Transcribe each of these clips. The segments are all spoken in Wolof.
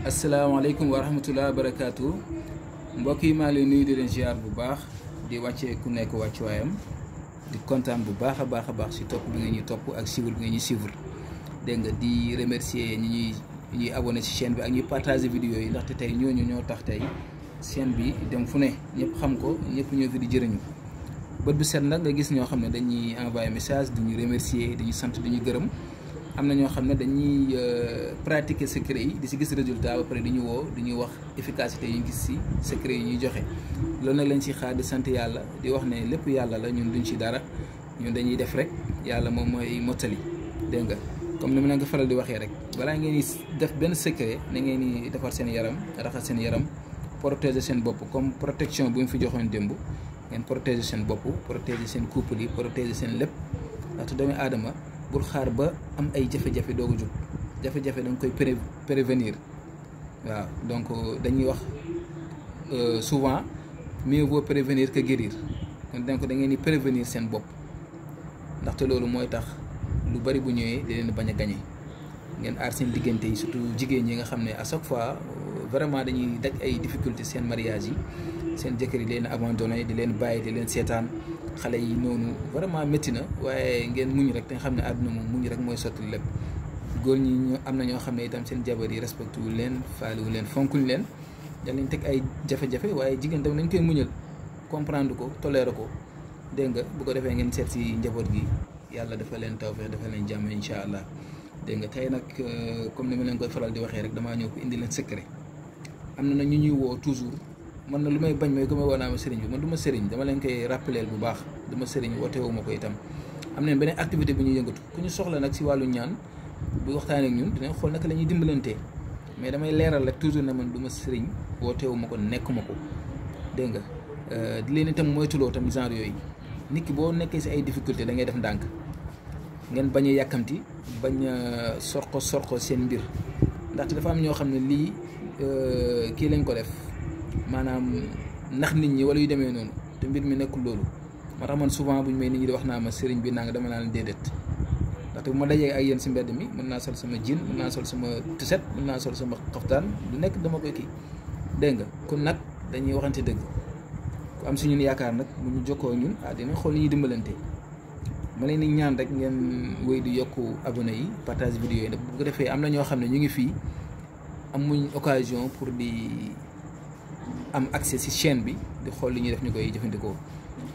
asalaamaaleykum wa rahmatulah wa barakaatu mbokk yi maa ngi nuyu di bu baax di wàccee ku nekk wàccuwaayam di kontaan bu baax a baax a baax si topp bi nga ñuy topp ak siiwal bi nga ñuy siiwal dégg nga di remercier ñi ñuy ñuy abonné si chaîne bi ak ñuy partager vidéo yi ndaxte tey ñooñu ñoo tax tey chaîne bi dem fu ne ñëpp xam ko ñëpp ñoo fi di jëriñu bët bu set nag nga gis ñoo xam ne dañuy envoyé message di ñu remercier di sant di ñu gërëm. am na ñoo xam ne dañuy euh, pratiquer secret yi di si gis résultat ba pare di ñu woo di ñuy wax efficacité ñu gis si secret yi ñuy joxe loolu nag lañ si xaar di sant yàlla di wax ne lépp yàlla la ñun duñ si dara ñun dañuy def rek yàlla moom mooy mottali dégg nga comme ni mu leen nga faral di waxee rek balaa ngeen di def benn secret na ngeen di defar seen yaram raxas seen yaram protéger seen bopp comme protection bu ñu fi joxoon démb ngeen protéger seen bopp protéger seen couple seen lépp ndaxte doomu aadama. bul xaar ba am ay jafe-jafe doog a jóg jafe-jafe da nga koy prévenir waaw donc euh, dañuy wax euh, souvent mieux vaut prévenir que guérir kon donc da ngeen di prévenir seen bopp ndaxte loolu mooy tax lu bari bu ñëwee di leen bañ a gañe ngeen aar seen diggante yi surtout jigéen ñi nga xam ne à chaque fois euh, vraiment dañuy daj ay difficulté seen mariage yi seen jëkkër yi leen abandonné di leen bàyyi di leen seetaan xale yi noonu vraiment métti na waaye ngeen muñ rek te xam ne àdduna moom muñ rek mooy sotti lépp góor ñi ñu am na ñoo xam ne itam seen jabar yi respecté wu leen faale leen fonkuñ leen dañ leen teg ay jafe-jafe waaye jigéen tam nañ koy muñal comprendre ko toléré ko dégg nga bu ko defee ngeen seet si njaboot gi yàlla dafa leen tawfeex dafa leen jàmm incha allah dégg nga tey nag euh, comme ni ma leen koy faral di waxee rek damaa ñëw ko indi leen secret man na lu may bañ mooy ko may woo naa ma sëriñ bi man du ma sëriñ dama leen koy rappeleel bu baax du ma sëriñ wooteewu ma ko itam am nañ beneen activité bu ñuy yëngatu ku ñu soxla nag si wàllu ñaan bu waxtaanee ak ñun dinañ xool naka la ñuy dimbalantee mais damay leeral rek toujours ne man du ma sëriñ wooteewu ma ko nekkuma ko dégg nga euh, di leen itam moytuloo tamit genre yooyu nit ki boo nekkee si ay difficulté da ngay def ndànk ngeen bañ yàkkamti bañ a sorko seen mbir ndaxte dafa am ñoo xam ne lii euh, kii lañ ko def manam nax nit ñi wala yu démé non té mbir mi nekul lolu moo tax man souvent buñ may nit ñi di wax na ma sëriñ bi nang dama naa leen dédét ndax bu ma ak yeen ci mbéd mi mëna sol sama jin mëna sol sama tisset mëna sol sama xaftaan du nekk dama koy ki dégg nga kon nak dañuy waxanté dëgg ku am suñu yaakaar nak bu ñu jokkoo ñun a ah, dina xol yi dimbalante ma leen ñaan rek ngeen wéy du yokku abonné yi partage vidéo yi bu ko défé am na ño xamné ñu ngi fi amuñ occasion pour di am accès si chaîne bi di xool li ñuy def ñu koy jëfandikoo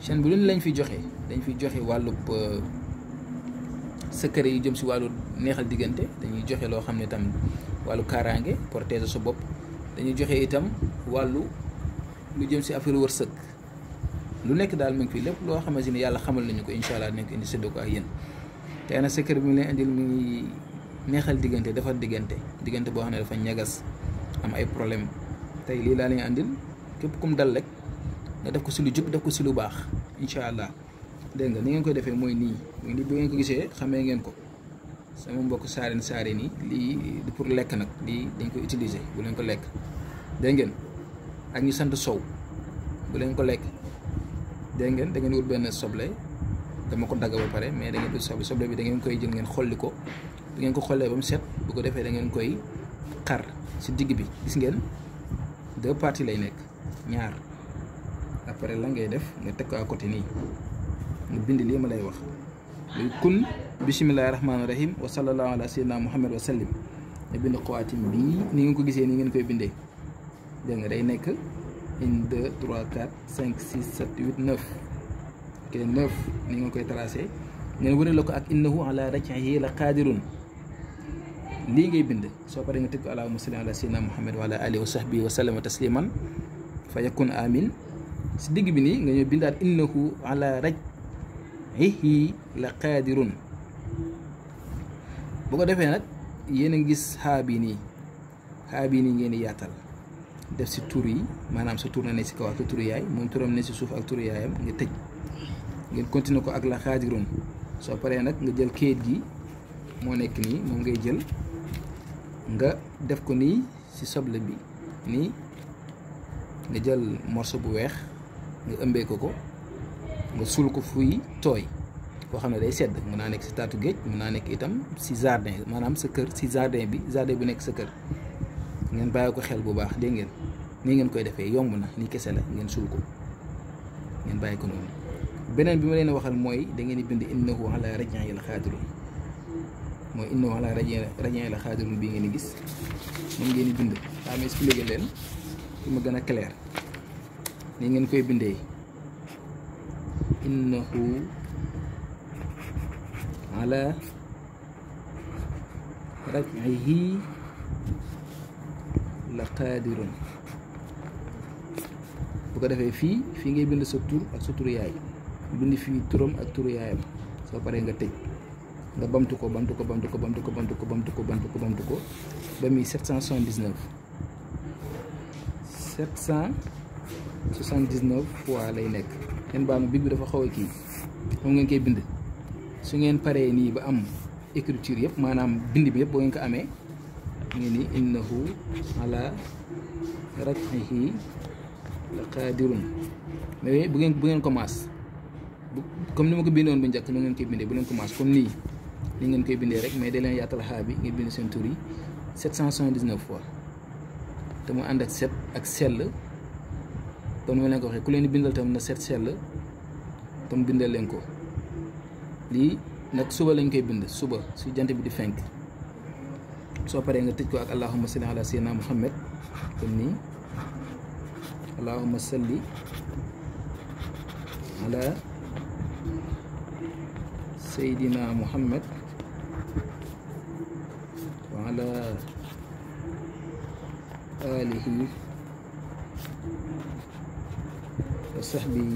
chaîne bi lu ne lañ fi joxe dañu fi joxe wàllub euh, secret yu jëm si wàllu neexal diggante dañuy joxe loo xam ne tam wàllu kaaraange protéger sa bopp dañuy joxe itam wàllu lu jëm si affaire wërsëg lu nekk daal mu ngi fi lépp loo xamante ni yàlla xamal nañu ko incha allah dinañ ko indi séddoo ko ak yéen tey nag secret bi mu ne indil mu ngi neexal diggante defar diggante diggante boo xam ne dafa ñagas am ay problème tay li la leen andil kep kum dal rek nga def ko si lu jub def ko si lu baax incha allah nga ni ngeen koy defé moy ni mooy bu ngeen ko gisé xamé ngeen ko sama mbokk saareen saareen ni li du pour lek nak li dañ ko utiliser bu len ko lek dégg ngeen ak ñu sante sow bu len ko lek dégg ngeen da ngeen wut ben soble dama ko dagga ba pare mais da ngeen du soble soble bi da ngeen koy jël ngeen xolliko ko bu ngeen ko xollee bam set bu ko defé da ngeen koy xar ci digg bi gis ngeen deux parties lay nek ñaar après la ngay def nga tek ko à côté ni nga bind li ma lay wax luy kun bismillahir rahmanir rahim wa sallallahu ala sayyidina muhammad wa sallim nga bind xawaatim bi ni ngeen ko gisee ni ngeen koy bindé day nek 1 2 3 4 5 6 7 8 neuf ke neuf ni nga koy tracer ngeen wone lako ak innahu ala raj'ihi la qadirun lii ngay bind so pare nga tëgg allahumma salli ala sayyidina muhammad wa ala alihi wa sahbihi wa sallam tasliman fa yakun amin ci dig bi ni nga ñu bindat innahu ala raj'ihi la qadirun bu ko defé nak yéen a gis habini habini nii ngeen yaatal def ci tour yi manam sa tur na ne ci kaw ak turu yaay mo touram ne ci suuf ak tour yaayam nga tëj ngeen continue ko ak la khadirun so pare ya, nak nga jël keet gi mo nek ni mo ngay jël nga def ko ni ci soble bi ni nga jël morceau bu weex nga ëmbé ko ko nga sul ko fuy toy koo xamné day sedd mëna nek ci tatou geej mëna nek itam ci jardin manam sa kër ci jardin bi jardin bu nek sa kër ngeen bàyyi ko xel bu baax dégg ngeen ni ngeen koy defee yomb na ni kessé la ngeen sul ko ngeen bàyyi ko noonu beneen bi ma leen waxal moy da ngeen di bind innahu ala rajaan yi la moy inna wala rajin rajin la xaadirun bi ngeen gis mo ngeen bind daa ma expliqué leen pour mu gën a clair ni ngeen koy bindee innahu ala raj'ihi la qaadirun bu ko defé fi fi ngay bind sa tour ak sa tour yaay bind fi turum ak tour yaayam so paree nga tëj nga bamtu ko bamtu ko bamtu ko bamtu ko bamtu ko bamtu ko bamtu ko bamtu ko ba mi 779 779 fois lay nek ngeen baal bindu dafa xaw ki kii ngeen koy bind su ngeen paree nii ba am écriture yëpp manam bind bi yëpp bo ngeen ko amé ngeen ni innahu ala rakihi laqadirun mais bu ngeen bu ngeen commence comme ni ma ko bindone bu njëkk nu ngeen koy bindé bu leen commence comme ni li ngeen koy bindee rek mais de leen yaatal xaa bi ngeen bind seen tur yi 779 fois te mu ànd ak set ak sell comme ni ma leen ko waxee ku leen di bindal tam na set sell tam bindal leen ko lii nag suba lañ koy bind suba su jant bi di fenk soo paree nga tëj ko ak allahumma salli ala sayyidina muhammad kon nii allahumma salli ala muhammad وعلى آله وصحبه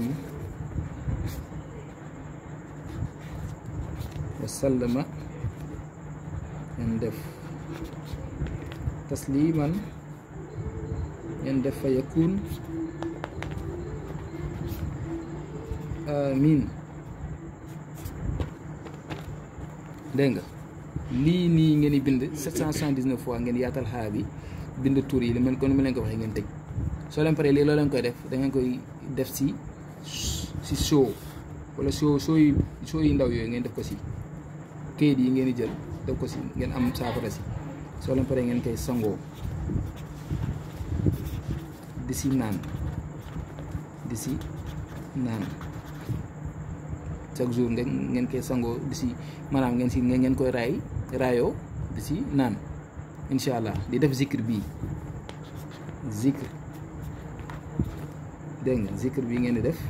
وسلم يندف تسليما يندف فيكون آمين دينغا lii nii ngeen di bind 779 fois ngeen yaatal xaa bi bind tur yi li mel kon ma leen ko waxee ngeen tëj soo leen paree lii loo leen koy def da ngeen koy def si si show wala show show yi show ndaw yooyu ngeen def ko si kayit yi ngeen di jël def ko si ngeen am saafara si soo leen paree ngeen koy sangoo di si naan di si naan chaque jour ngeen ngeen koy sangoo di si maanaam ngeen si ngeen koy raay raayoo di si naan incha allah di def zikr bii zikr dégg nga zikr bii ngeen di def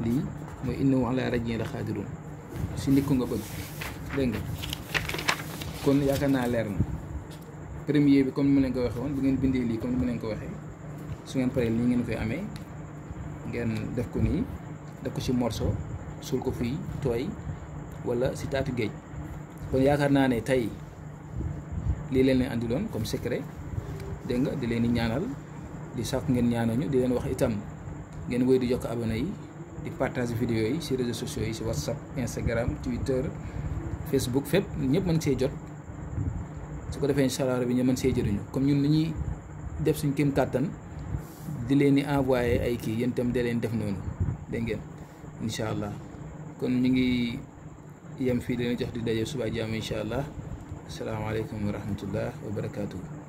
lii mooy innahu ala rajin la xaadirun si nit nga bëgg dégg kon yaakaar naa leer na premier bi comme ni ma leen ko waxee woon bu ngeen bindee lii comme ni ma leen ko waxee su ngeen paree nii ngeen koy amee ngeen def ko nii def ko ci morso suul ko fuy tooy wala si taatu géej kon yaakaar naa ne tey lii leen leen andiloon comme secret dégg nga di leen di ñaanal di sàkku ngeen ñu di leen wax itam ngeen wéy di jokk abona yi di partage vidéo yi si réseaux sociaux yi si whatsapp instagram twitter facebook fépp ñëpp mën see jot su ko defee incha allah rabi ñu mën see jëriñu comme ñun ni ñuy def suñ kéem kàttan di leen di envoyé ay kii yéen itam leen def noonu dégg ngeen incha allah kon ñu ngi yam fi dina jox di dajé suba wabarakatuh. inshallah assalamu alaykum wa rahmatullah wa barakatuh